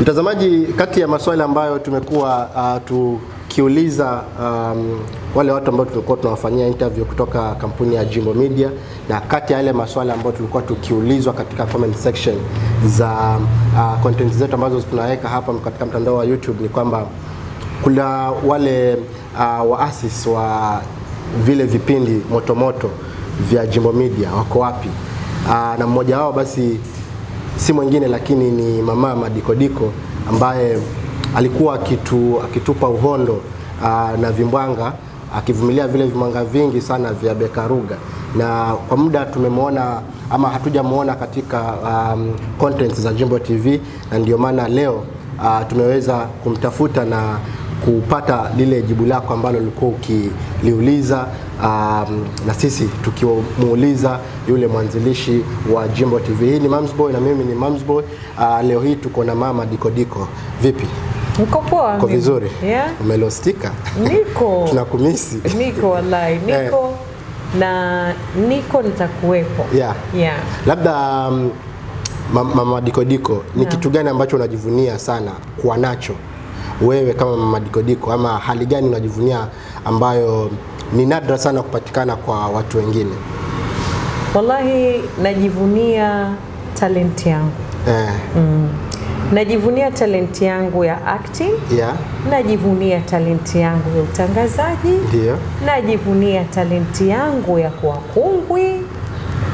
Mtazamaji, kati ya maswali ambayo tumekuwa uh, tukiuliza um, wale watu ambao tulikuwa tunawafanyia interview kutoka kampuni ya Jimbo Media, na kati ya yale maswali ambayo tulikuwa tukiulizwa katika comment section za uh, content zetu ambazo tunaweka hapa katika mtandao wa YouTube ni kwamba kuna wale uh, waasis wa vile vipindi motomoto vya Jimbo Media wako wapi? Uh, na mmoja wao basi si mwingine lakini ni mama Madikodiko ambaye alikuwa akitu, akitupa uhondo aa, ah, na vimbwanga akivumilia vile vimbwanga vingi sana vya Bekaruga na kwa muda tumemwona ama hatujamwona katika um, contents za Jimbo TV na ndio maana leo uh, tumeweza kumtafuta na kupata lile jibu lako ambalo ulikuwa ukiliuliza. Um, na sisi tukimuuliza yule mwanzilishi wa Jimbo TV. Hii ni Boy na mimi ni Boy. Uh, leo hii tuko na mama Dikodiko Diko. Vipi? Niko poa. Niko vizuri? Yeah. Umelostika? Niko. Tunakumisi. Niko wallahi. Eh. Niko na niko nitakuwepo. Yeah. Yeah. Labda um, mama Diko Diko, ni yeah, kitu gani ambacho unajivunia sana kuwa nacho wewe kama Mama Dikodiko, ama hali gani unajivunia ambayo ni nadra sana kupatikana kwa watu wengine? Wallahi, najivunia talenti yangu eh. Mm. Najivunia talenti yangu ya acting yeah. Najivunia talenti yangu ya utangazaji Ndio. Najivunia talenti yangu ya kuwa kungwi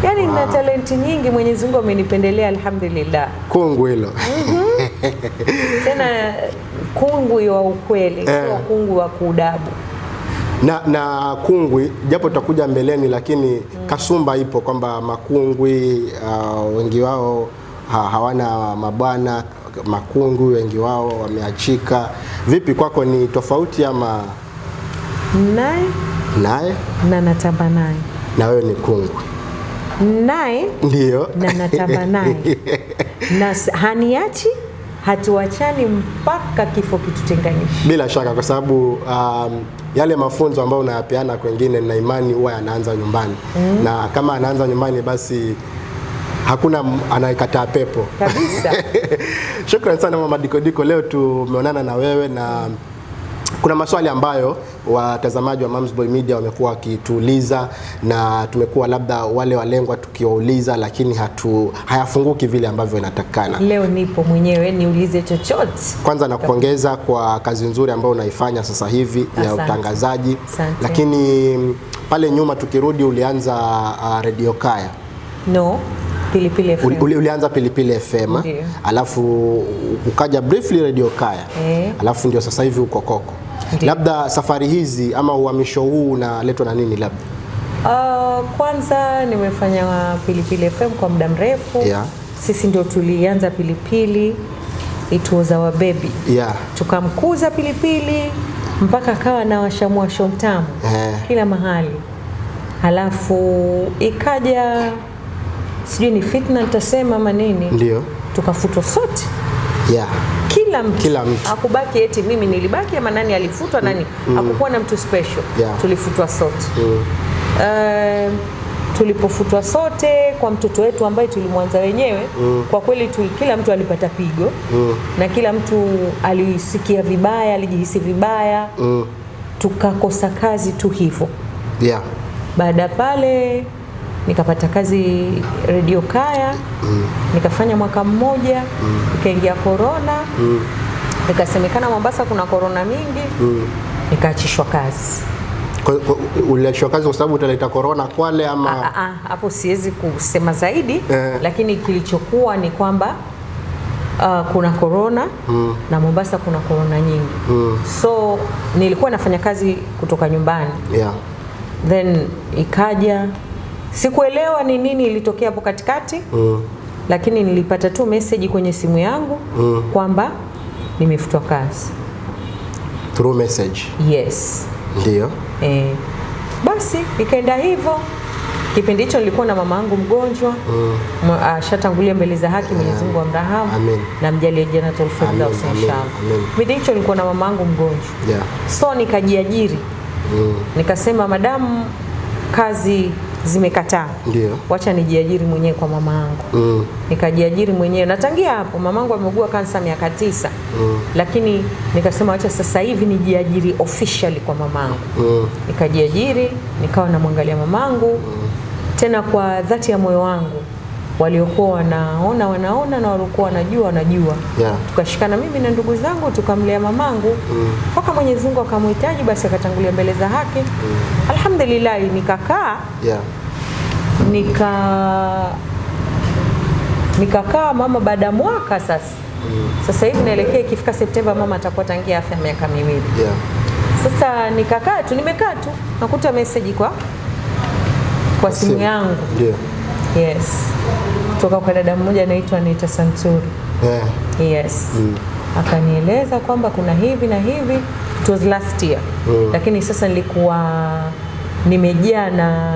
yaani wow. Na talenti nyingi Mwenyezi Mungu amenipendelea alhamdulillah. Kungwi hilo. mm Tena kungwi wa ukweli eh, sio kungwi wa kudabu na, na kungwi japo tutakuja mbeleni, lakini mm. kasumba ipo kwamba makungwi uh, wengi wao ha, hawana mabwana makungwi wengi wao wameachika. Vipi kwako, ni tofauti ama? Naye naye na natamba naye, na wewe ni kungwi naye, ndio na natamba naye na haniachi hatuachani mpaka kifo kitutenganishe. Bila shaka, kwa sababu um, yale mafunzo ambayo unayapeana kwengine na imani huwa yanaanza nyumbani mm. na kama anaanza nyumbani basi hakuna anayekataa pepo kabisa. Shukrani sana mama Dikodiko, leo tumeonana na wewe na kuna maswali ambayo watazamaji wa Boy Media wamekuwa wakituuliza na tumekuwa labda wale walengwa tukiwauliza, lakini hatu hayafunguki vile ambavyo inatakikana. Leo nipo mwenyewe niulize chochote. Kwanza nakupongeza kwa kazi nzuri ambayo unaifanya sasa hivi Asante. ya utangazaji Asante. lakini mm, pale nyuma tukirudi, ulianza uh, Radio Kaya no Pilipili FM. Uli, ulianza Pilipili FM ah? alafu ukaja briefly Radio Kaya e. alafu ndio sasa hivi uko Coco. Labda safari hizi ama uhamisho huu unaletwa na nini labda? Uh, kwanza nimefanya Pilipili FM kwa muda mrefu yeah. Sisi ndio tulianza Pilipili it was our baby yeah. Tukamkuza Pilipili mpaka akawa na washamwasho shomtamu yeah. Kila mahali halafu ikaja sijui ni fitna nitasema ama nini, ndio tukafutwa sote yeah. Kila mtu, kila mtu akubaki eti mimi nilibaki ama nani alifutwa mm. Nani mm. Hakukuwa na mtu special yeah. Tulifutwa sote mm. Uh, tulipofutwa sote kwa mtoto wetu ambaye tulimwanza wenyewe mm. Kwa kweli tu, kila mtu alipata pigo mm. Na kila mtu alisikia vibaya, alijihisi vibaya mm. Tukakosa kazi tu hivyo yeah. Baada pale nikapata kazi redio Kaya mm. nikafanya mwaka mmoja mm. nikaingia korona mm. nikasemekana Mombasa kuna korona mingi mm. nikaachishwa kazi. Uliachishwa kazi kwa sababu utaleta korona Kwale ama ah, ah, ah, hapo? Siwezi kusema zaidi eh. Lakini kilichokuwa ni kwamba uh, kuna korona mm. na Mombasa kuna korona nyingi mm. so nilikuwa nafanya kazi kutoka nyumbani yeah. then ikaja Sikuelewa ni nini ilitokea hapo katikati mm. Lakini nilipata tu message kwenye simu yangu mm. kwamba nimefutwa kazi through message. Yes, ndio eh. Basi ikaenda hivyo. Kipindi hicho nilikuwa na mama yangu mgonjwa mm. ashatangulia mbele za haki. Mwenyezi Mungu amrahamu na mjalie jannatul firdaus inshallah. Kipindi hicho nilikuwa na mama yangu mgonjwa yeah. So nikajiajiri mm. nikasema madamu kazi zimekataa, ndio wacha nijiajiri mwenyewe kwa mama yangu mm. Nikajiajiri mwenyewe natangia hapo, hapo mamangu ameugua kansa miaka tisa mm. Lakini nikasema wacha sasa hivi nijiajiri officially kwa mamangu mm. Nikajiajiri nikawa namwangalia mamangu mm. Tena kwa dhati ya moyo wangu waliokuwa wanaona wanaona na waliokuwa wanajua wanajua, yeah. Tukashikana mimi na ndugu zangu tukamlea mamangu mm. mpaka mm. Mwenyezi Mungu akamhitaji, basi akatangulia mbele za haki mm. Alhamdulillah, nikakaa yeah. nika nikakaa mama baada ya mwaka sasa mm. Sasa hivi naelekea ikifika Septemba mama atakuwa tangia afya miaka miwili yeah. Sasa nikakaa tu nimekaa tu nakuta message kwa kwa simu yangu yeah yes, kutoka kwa dada mmoja anaitwa Anita Santuri yeah. yes mm. akanieleza kwamba kuna hivi na hivi, it was last year mm. lakini sasa nilikuwa nimejaa na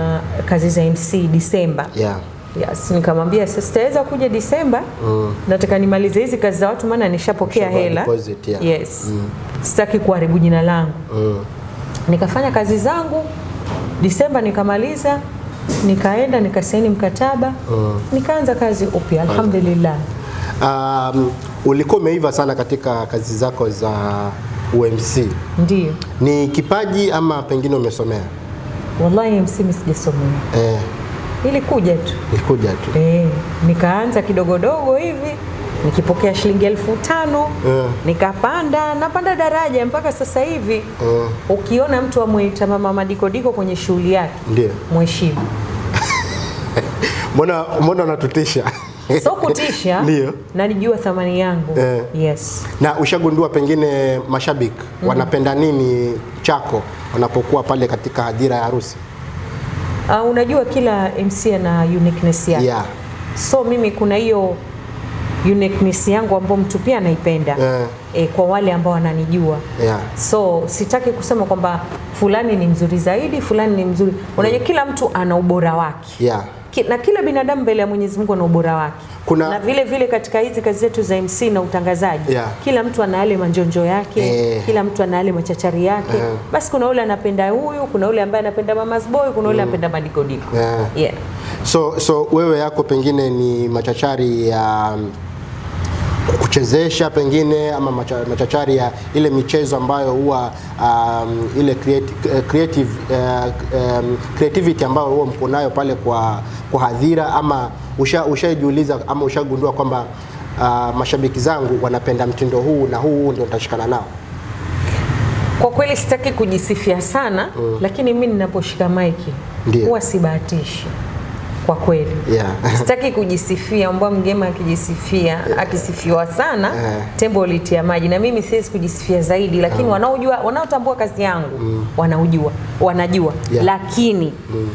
kazi za MC Disemba yeah. Yes, nikamwambia sitaweza kuja Disemba mm. nataka nimalize hizi kazi za watu maana nishapokea hela deposit, yeah. yes. mm. sitaki kuharibu jina langu mm. nikafanya kazi zangu Disemba nikamaliza nikaenda nikasaini mkataba mm. nikaanza kazi upya alhamdulillah. Um, ulikuwa umeiva sana katika kazi zako za UMC. Ndio. Ni kipaji ama pengine umesomea? Wallahi UMC mimi sijasomea. Eh. Ilikuja tu. Ilikuja tu. Eh, nikaanza kidogodogo hivi nikipokea shilingi elfu tano yeah. Nikapanda napanda daraja mpaka sasa hivi uh. Ukiona mtu amwita mama madikodiko kwenye shughuli yake yeah. Mheshimu mbona mbona anatutisha? so kutisha ah? ndio, na nijua thamani yangu yeah. Yes. Na ushagundua pengine mashabiki mm. wanapenda nini chako wanapokuwa pale katika hadhira ya harusi? Uh, unajua kila MC ana uniqueness yake yeah. So mimi kuna hiyo uniqueness yangu ambayo mtu pia anaipenda yeah. E, kwa wale ambao wananijua yeah. So sitaki kusema kwamba fulani ni mzuri zaidi, fulani ni mzuri. Unajua kila mtu ana ubora wake yeah. Ki, na kila binadamu mbele ya Mwenyezi Mungu ana ubora wake kuna... na vile vile katika hizi kazi zetu za MC na utangazaji yeah. Kila mtu ana yale manjonjo yake eh. Kila mtu ana yale machachari yake yeah. Basi kuna yule anapenda huyu, kuna yule ambaye anapenda mama's boy, kuna yule mm. anapenda madikodiko yeah. Yeah. So, so wewe yako pengine ni machachari ya um kuchezesha pengine ama machachari ya ile michezo ambayo huwa um, ile create, creative, uh, um, creativity ambayo huwa mko nayo pale kwa, kwa hadhira ama ushajiuliza usha ama ushagundua kwamba uh, mashabiki zangu wanapenda mtindo huu na huu ndio nitashikana nao. Kwa kweli sitaki kujisifia sana mm, lakini mimi ninaposhika maiki huwa sibahatishi kwa kweli yeah. sitaki kujisifia, mbwa mgema akijisifia yeah. akisifiwa sana yeah. tembo litia maji, na mimi siwezi kujisifia zaidi, lakini yeah. Mm. wanaojua wanaotambua kazi yangu mm. wanaujua wanajua yeah. lakini mm.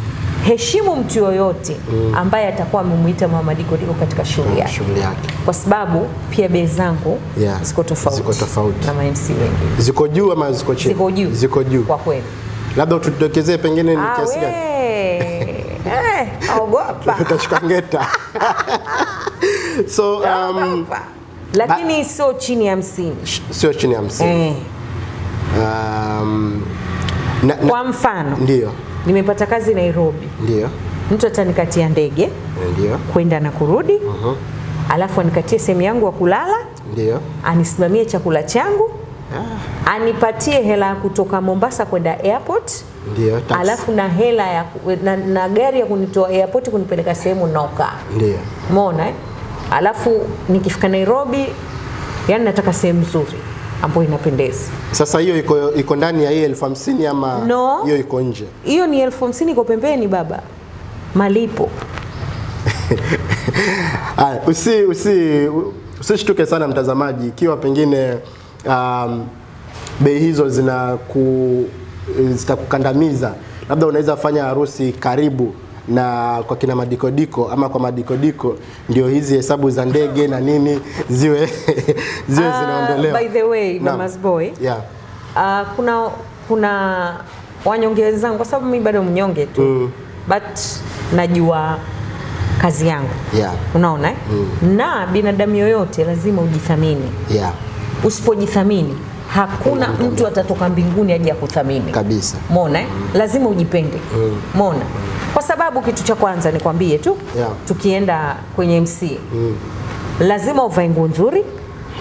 heshimu mtu yoyote mm. ambaye atakuwa amemuita mama Diko Diko katika shughuli mm, yake mm. kwa sababu pia bei zangu yeah. ziko tofauti, ziko tofauti na MC wengi, ziko juu ama ziko chini? Ziko juu, ziko juu kwa kweli. Labda utudokezee pengine ni kiasi gani? Hey, eh, So, um, lakini sio chini ya hamsini, sio chini ya hamsini eh. Um, na, na, kwa mfano ndio nimepata kazi Nairobi, ndio mtu atanikatia ndege ndio kwenda na kurudi uh -huh. Alafu anikatie sehemu yangu wa kulala ndio anisimamie chakula changu ah. Anipatie hela ya kutoka Mombasa kwenda airport Ndiyo, taxi. Alafu na hela ya na, na gari ya kunitoa airport kunipeleka sehemu naokaa. Ndiyo. Umeona eh? Alafu nikifika Nairobi yani nataka sehemu nzuri ambayo inapendeza. Sasa hiyo iko iko ndani ya hii elfu hamsini ama hiyo no, iko nje? Hiyo ni elfu hamsini iko pembeni baba. Malipo. Ay, usi usi usishtuke sana mtazamaji ikiwa pengine um, bei hizo zina ku Eh, zitakukandamiza. Labda unaweza fanya harusi karibu na kwa kina madikodiko ama kwa madikodiko ndio hizi hesabu za ndege na nini ziwe ziwe uh, zinaondolewa. By the way, Mama's boy. Yeah. Uh, kuna kuna wanyonge wenzangu kwa sababu mimi bado mnyonge tu mm. but najua kazi yangu yeah. Unaona eh? mm. na binadamu yoyote lazima ujithamini yeah. Usipojithamini hakuna mtu atatoka mbinguni aje akuthamini kabisa. Mona mm. Eh? lazima ujipende mm. mona, kwa sababu kitu cha kwanza nikwambie tu yeah. tukienda kwenye MC mm. lazima uvae nguo nzuri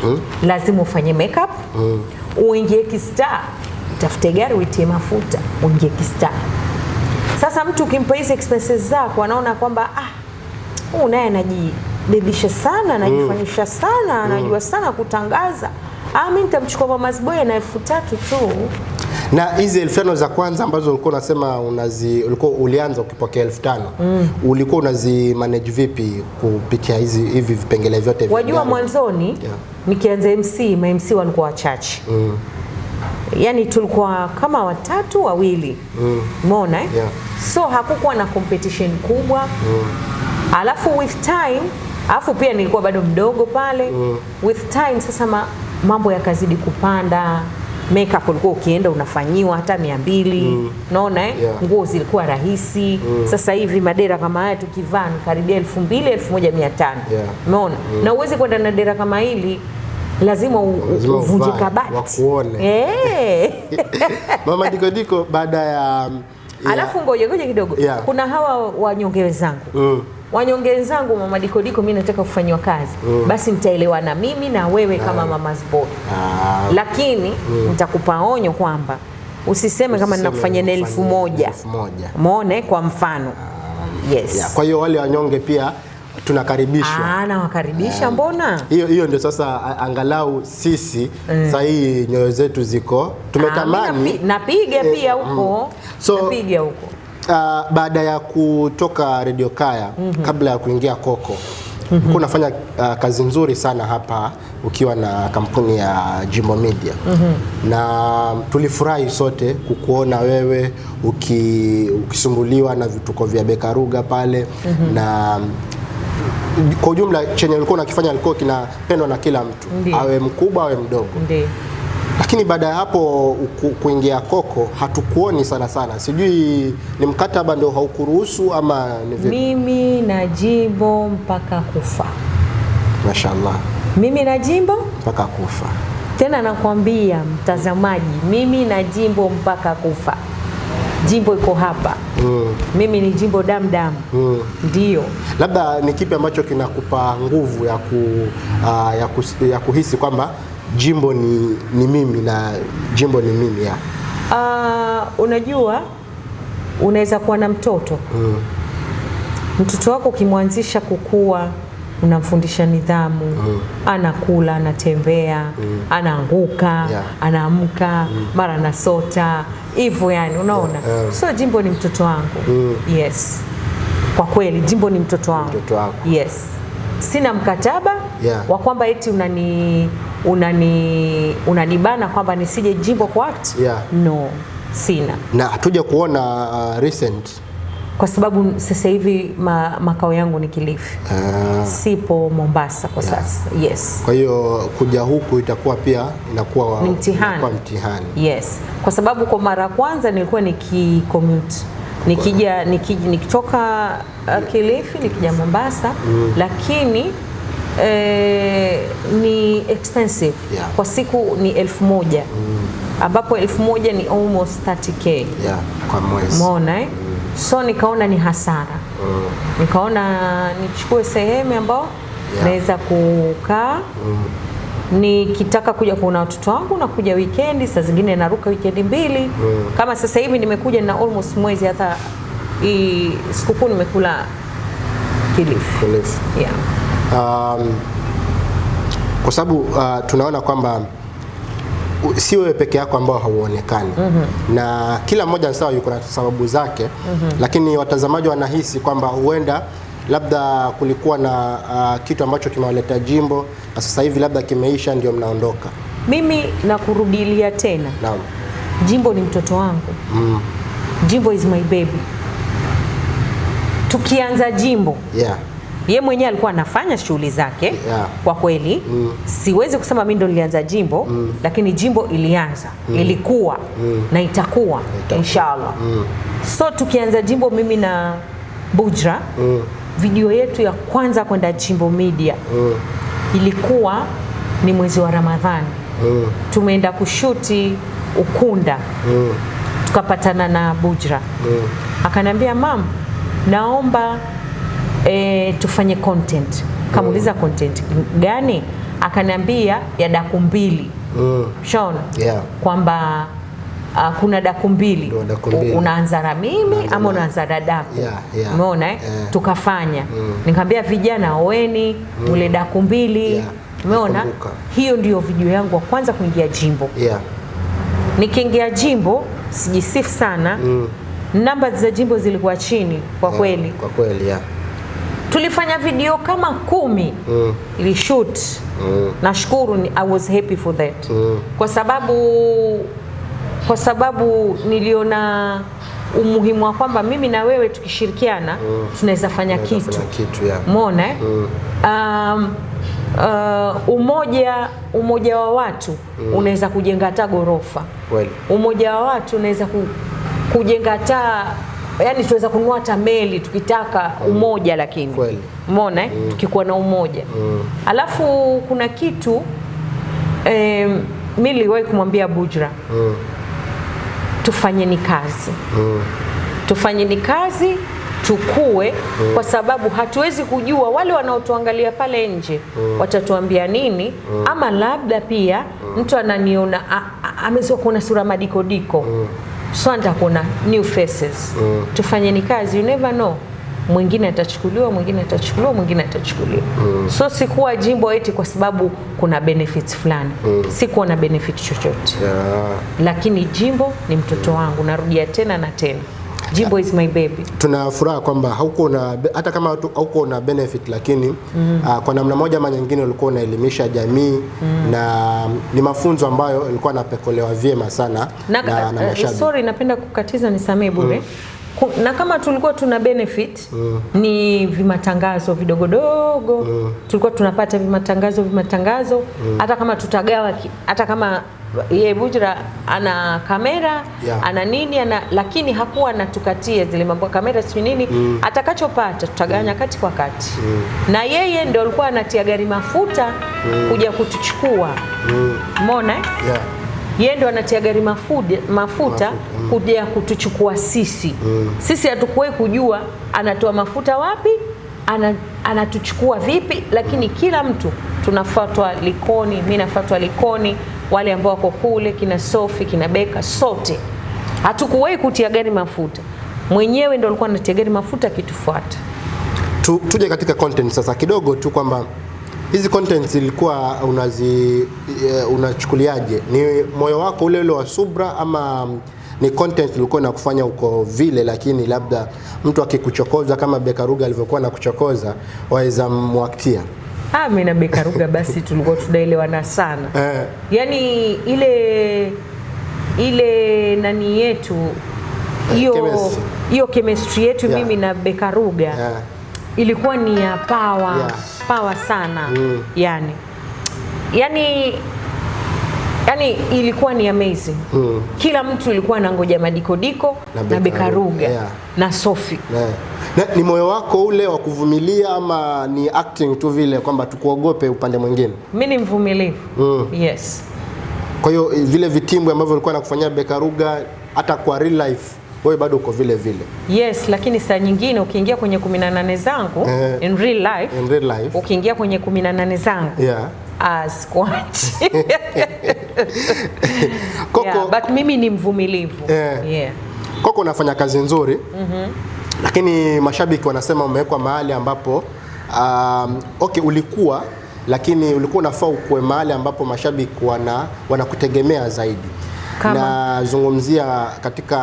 mm. lazima ufanye makeup mm. uingie kista tafute gari uitie mafuta, uingie kista Sasa mtu ukimpa hizi expenses zako, anaona kwamba ah, huyu naye anajibebisha sana, anajifanyisha mm. sana, mm. anajua sana kutangaza Ah, mimi nitamchukua Mama's Boy na elfu tatu tu. Na hizi elfu tano za kwanza ambazo ulikuwa unasema unazi ulikuwa ulianza ukipokea elfu tano mm. ulikuwa unazi manage vipi kupitia hizi hivi vipengele vyote hivi? Wajua mwanzoni yeah. nikianza MC ma MC walikuwa wachache mm. Yaani tulikuwa kama watatu wawili, mm. umeona mm. eh? yeah. so hakukuwa na competition kubwa mm. alafu with time, alafu pia nilikuwa bado mdogo pale mm. with time sasa ma mambo yakazidi kupanda makeup ulikuwa ukienda unafanyiwa hata mia mbili mm. Naona eh? yeah. Nguo zilikuwa rahisi mm. Sasa hivi madera kama haya tukivaa karibia elfu mbili elfu moja mia tano yeah. Umeona mm. Na uwezi kwenda na dera kama hili lazima uvunje kabati eh. Mama Diko Diko baada ya, ya. Alafu ngoja ngoja kidogo yeah. Kuna hawa wanyonge wenzangu mm wanyonge wenzangu, mama Dikodiko, mi nataka kufanyiwa kazi mm. Basi mtaelewana mimi na wewe nah. Mm. kama mama's boy nah. lakini mm. nitakupa mm. onyo kwamba usiseme kama ninakufanyia na elfu moja muone eh, kwa mfano nah. yes. yeah. Kwa hiyo wale wanyonge pia tunakaribishwa ah, nawakaribisha. Ah. Mbona hiyo hiyo ndio sasa, angalau sisi mm. saa hii nyoyo zetu ziko ah, tumetamani. Napiga eh, pia huko, mm. napiga huko uh, baada ya kutoka Radio Kaya mm -hmm. kabla ya kuingia koko mm -hmm. unafanya uh, kazi nzuri sana hapa ukiwa na kampuni ya Jimbo Media mm -hmm. na tulifurahi sote kukuona wewe uki, ukisumbuliwa na vituko vya Bekaruga pale mm -hmm. na kwa ujumla chenye ulikuwa unakifanya alikuwa kinapendwa na kila mtu Ndi. awe mkubwa awe mdogo Ndi. Lakini baada ya hapo kuingia koko hatukuoni sana sana, sijui ni mkataba ndio haukuruhusu ama ni vipi? Mimi na Jimbo mpaka kufa. Mashaallah, mimi na Jimbo mpaka kufa. Tena nakwambia mtazamaji, mimi na Jimbo mpaka kufa. Jimbo iko hapa mm. Mimi ni Jimbo dam mm. ndio. Mm. Labda ni kipi ambacho kinakupa nguvu ya, ku, uh, ya, ku, ya kuhisi kwamba jimbo ni, ni mimi na jimbo ni mimi ya. Uh, unajua unaweza kuwa na mtoto mm. Mtoto wako ukimwanzisha kukua unamfundisha nidhamu mm. Anakula, anatembea mm. Anaanguka yeah. Anaamka mm. Mara anasota hivyo, yani unaona yeah. So jimbo ni mtoto wangu mm. Yes, kwa kweli jimbo ni mtoto wangu mtoto wako. Yes, sina mkataba yeah. wa kwamba eti unani unani unanibana kwamba nisije jimbo kwa yeah. No, sina na hatuja kuona uh, recent kwa sababu sasa hivi ma, makao yangu ni Kilifi uh, Sipo Mombasa kwa sasa Yes, kwa hiyo kuja huku itakuwa pia inakuwa mtihani. Mtihani yes, kwa sababu kwa mara ya kwanza nilikuwa nikicommute nikija nikitoka uh, Kilifi nikija Mombasa mm. lakini eh, ni expensive yeah. Kwa siku ni elfu moja mm. ambapo elfu moja ni almost 30k yeah. Kwa mwezi umeona eh? Mm. So nikaona ni hasara mm. Nikaona nichukue sehemu ambayo yeah. naweza kukaa mm. Nikitaka kuja kuona watoto wangu na kuja weekend, saa zingine naruka weekend mbili mm. Kama sasa hivi nimekuja na almost mwezi hata sikukuu nimekula Kilifi. Kilifi. Yeah um, kwa sababu uh, tunaona kwamba si wewe peke yako ambao hauonekani mm -hmm. na kila mmoja sawa, yuko na sababu zake mm -hmm. lakini watazamaji wanahisi kwamba huenda labda kulikuwa na uh, kitu ambacho kimewaleta jimbo na sasa hivi labda kimeisha, ndio mnaondoka. Mimi nakurudilia tena, naam, jimbo ni mtoto wangu mm. Jimbo is my baby. Tukianza jimbo yeah ye mwenyewe alikuwa anafanya shughuli zake yeah. Kwa kweli mm. siwezi kusema mimi ndo nilianza jimbo mm. lakini jimbo ilianza mm. ilikuwa mm. na itakuwa, itakuwa. Inshallah mm. so tukianza jimbo mimi na Bujra mm. video yetu ya kwanza kwenda jimbo media mm. ilikuwa ni mwezi wa Ramadhani mm. tumeenda kushuti Ukunda mm. tukapatana na Bujra mm. akaniambia mam, naomba e, tufanye content. Kamuuliza content gani? Akaniambia ya daku mbili mm. Shaona yeah. kwamba Uh, kuna daku mbili, unaanza na mimi ama unaanza na daku yeah, yeah. Umeona eh? Yeah. Tukafanya mm. Nikamwambia vijana oweni mm. ule daku mbili yeah. Umeona, hiyo ndiyo video yangu ya kwanza kuingia jimbo yeah. Nikiingia jimbo sijisifu sana mm. Namba za jimbo zilikuwa chini kwa kweli, kwa kweli yeah tulifanya video kama kumi mm. ilishoot mm. nashukuru, I was happy for that mm. kwa sababu kwa sababu niliona umuhimu wa kwamba mimi na wewe tukishirikiana mm. tunaweza fanya kitu, kitu yeah. Mona eh? mm. um, uh, umoja umoja wa watu mm. unaweza kujenga hata ghorofa well. Umoja wa watu unaweza kujenga hata yani tuweza kununua hata meli tukitaka mm. umoja, lakini umeona eh? mm. tukikuwa na umoja mm. alafu kuna kitu eh, mi niliwahi kumwambia Bujra mm. tufanyeni kazi mm. tufanyeni kazi tukue mm. kwa sababu hatuwezi kujua wale wanaotuangalia pale nje mm. watatuambia nini mm. ama labda pia mm. mtu ananiona amezoea kuona sura madiko diko mm swanta kuna new faces mm. Tufanyeni kazi, you never know, mwingine atachukuliwa, mwingine atachukuliwa, mwingine atachukuliwa mm. So sikuwa jimbo eti kwa sababu kuna benefits fulani mm. Sikuwa na benefit chochote yeah. Lakini jimbo ni mtoto wangu, narudia tena na tena. Jibo is my baby. Tuna furaha kwamba hauko na hata kama hauko na benefit lakini mm -hmm. uh, kwa namna moja ama nyingine ulikuwa unaelimisha jamii mhm. mm -hmm. na ni mafunzo ambayo ilikuwa anapekolewa vyema sana na, na, na eh, mashabiki. Sorry, napenda kukatiza nisamee bure. Mm -hmm na kama tulikuwa tuna benefit mm. ni vimatangazo vidogodogo mm. tulikuwa tunapata vimatangazo vimatangazo mm. hata kama tutagawa, hata kama yeye Bujra ana kamera yeah. ana nini ana, lakini hakuwa anatukatia zile mambo kamera si nini mm. atakachopata tutagawanya mm. kati kwa kati mm. na yeye ndio alikuwa anatia gari mafuta mm. kuja kutuchukua mm. mona eh? yeah yeye ndo anatia gari mafuta, mafuta mm. kuja kutuchukua sisi mm. sisi hatukuwahi kujua anatoa mafuta wapi ana, anatuchukua vipi, lakini mm. kila mtu tunafuatwa Likoni, mimi nafuatwa Likoni, wale ambao wako kule kina Sofi kina Beka, sote hatukuwahi kutia gari mafuta. Mwenyewe ndo alikuwa anatia gari mafuta akitufuata. Tuje katika content sasa kidogo tu kwamba hizi contents zilikuwa unazi eh, unachukuliaje? Ni moyo wako ule ule wa subra ama mm, ni content ilikuwa inakufanya uko vile, lakini labda mtu akikuchokoza kama Bekaruga alivyokuwa nakuchokoza waweza mwaktia? Ah, mimi na Bekaruga basi tulikuwa tunaelewana sana eh. Yaani ile ile nani yetu hiyo hiyo chemistry yetu yeah. Mimi na Bekaruga yeah. Ilikuwa ni ya power yeah power sana mm. yani yani yani ilikuwa ni amazing mm. Kila mtu ilikuwa ngoja Madikodiko na, na Bekaruga yeah. na Sofi yeah. Na, ni moyo wako ule wa kuvumilia ama ni acting tu vile kwamba tukuogope upande mwingine? Mimi ni mvumilivu mm. yes. Kwa hiyo eh, vile vitimbwi ambavyo ulikuwa nakufanyia Bekaruga hata kwa real life wewe bado uko vile vile. Yes, lakini saa nyingine ukiingia kwenye 18 zangu eh, in real life, in real life ukiingia kwenye 18 zangu yeah. as ah, Koko, yeah, but mimi ni mvumilivu eh, Yeah. Koko unafanya kazi nzuri mm -hmm. Lakini mashabiki wanasema umewekwa mahali ambapo um, okay ulikuwa lakini ulikuwa unafaa ukuwe mahali ambapo mashabiki wana wanakutegemea zaidi. Kama Nazungumzia katika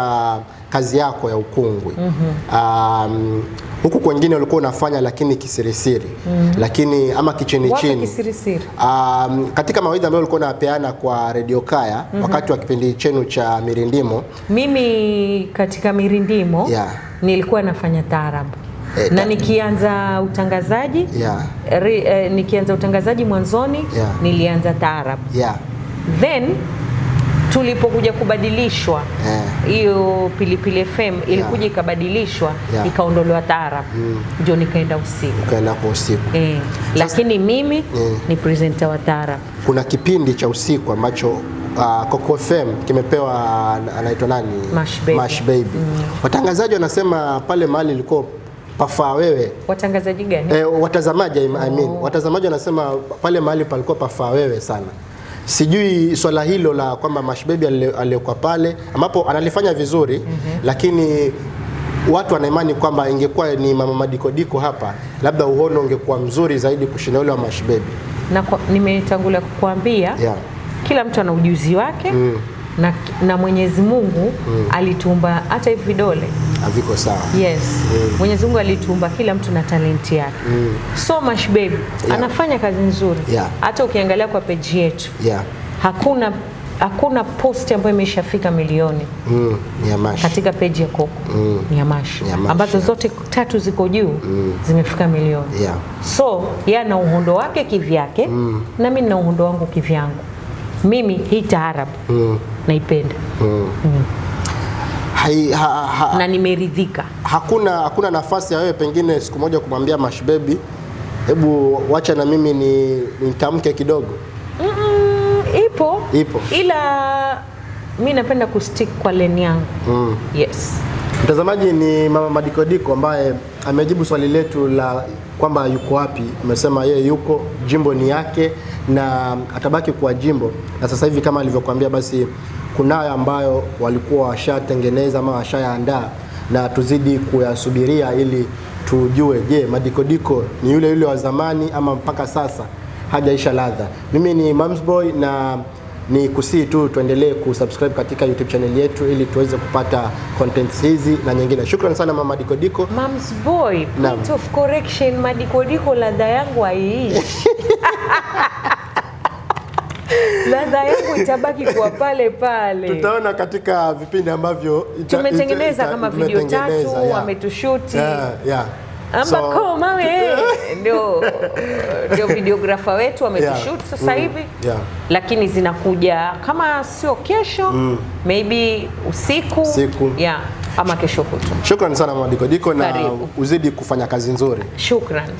kazi yako ya ukungwi mm -hmm. um, huku kwengine ulikuwa unafanya lakini kisirisiri mm -hmm. lakini ama kichini chini um, katika mawaidha ambayo ulikuwa unapeana kwa Radio Kaya mm -hmm. wakati wa kipindi chenu cha Mirindimo. Mimi katika Mirindimo yeah. nilikuwa nafanya taarabu eh, na nikianza utangazaji yeah. re, eh, nikianza utangazaji mwanzoni yeah. nilianza taarabu yeah. then tulipokuja kubadilishwa eh. hiyo yeah. Pilipili FM ilikuja yeah. ikabadilishwa yeah. ikaondolewa taarab, mm. ndio nikaenda usiku, ukaenda kwa usiku e. Sasa, lakini mimi mm. ni presenter wa taarab. Kuna kipindi cha usiku ambacho Uh, Coco FM kimepewa anaitwa nani? Mash Baby, Mash Baby. Mm. Watangazaji wanasema pale mahali ilikuwa pafaa wewe. Watangazaji gani? Eh, watazamaji I mean. Oh. Watazamaji wanasema pale mahali palikuwa pafaa wewe sana. Sijui swala hilo la kwamba Mashbebi aliyokuwa pale ambapo analifanya vizuri mm -hmm. Lakini watu wanaimani kwamba ingekuwa ni mama Madikodiko hapa, labda uhono ungekuwa mzuri zaidi kushinda ule wa Mashbebi, na nimetangulia kukuambia yeah. Kila mtu ana ujuzi wake mm. Na, na Mwenyezi Mungu mm. alituumba hata hivi vidole haviko sawa. Yes. Mm. Mwenyezi Mungu alituumba kila mtu na talenti yake. Mm. So Mash Baby yeah. anafanya kazi nzuri hata ukiangalia kwa peji yetu yeah. hakuna hakuna posti ambayo imeshafika milioni mm, katika peji ya Coco mm, Nyamashi ambazo zote tatu ziko juu mm, zimefika milioni yeah. So yeye ana uhondo wake kivyake mm, na mimi na uhondo wangu kivyangu. Mimi hii taarabu mm, naipenda mm. Mm hai, ha, ha, na nimeridhika. Hakuna, hakuna nafasi ya wewe pengine siku moja kumwambia Mash Baby, hebu wacha na mimi nitamke kidogo? mm -mm, ipo, ipo ila mi napenda kustick kwa leni yangu mm. Yes. Mtazamaji ni mama Madikodiko ambaye amejibu swali letu la kwamba yuko wapi. Amesema yeye yuko jimbo ni yake na atabaki kuwa jimbo, na sasa hivi kama alivyokuambia basi kunayo ambayo walikuwa washatengeneza ama washayaandaa na tuzidi kuyasubiria ili tujue, je, Madikodiko ni yule yule wa zamani ama mpaka sasa hajaisha ladha? Mimi ni Mamsboy na ni kusii tu tuendelee kusubscribe katika YouTube channel yetu ili tuweze kupata contents hizi na nyingine. Shukran sana mama Madikodiko. Boy, point of correction, Madikodiko ladha yangu haiishi ladha yangu itabaki kuwa pale pale. Tutaona katika vipindi ambavyo tumetengeneza kama video tatu yeah. wametushuti yeah, yeah. so, koma we ndio ndio videografa wetu wametushoot yeah, sasa mm. hivi mm, yeah. Lakini zinakuja kama sio kesho mm, maybe usiku siku. Yeah, ama kesho kutu. Shukrani sana Mama Diko Diko na uzidi kufanya kazi nzuri. Shukrani.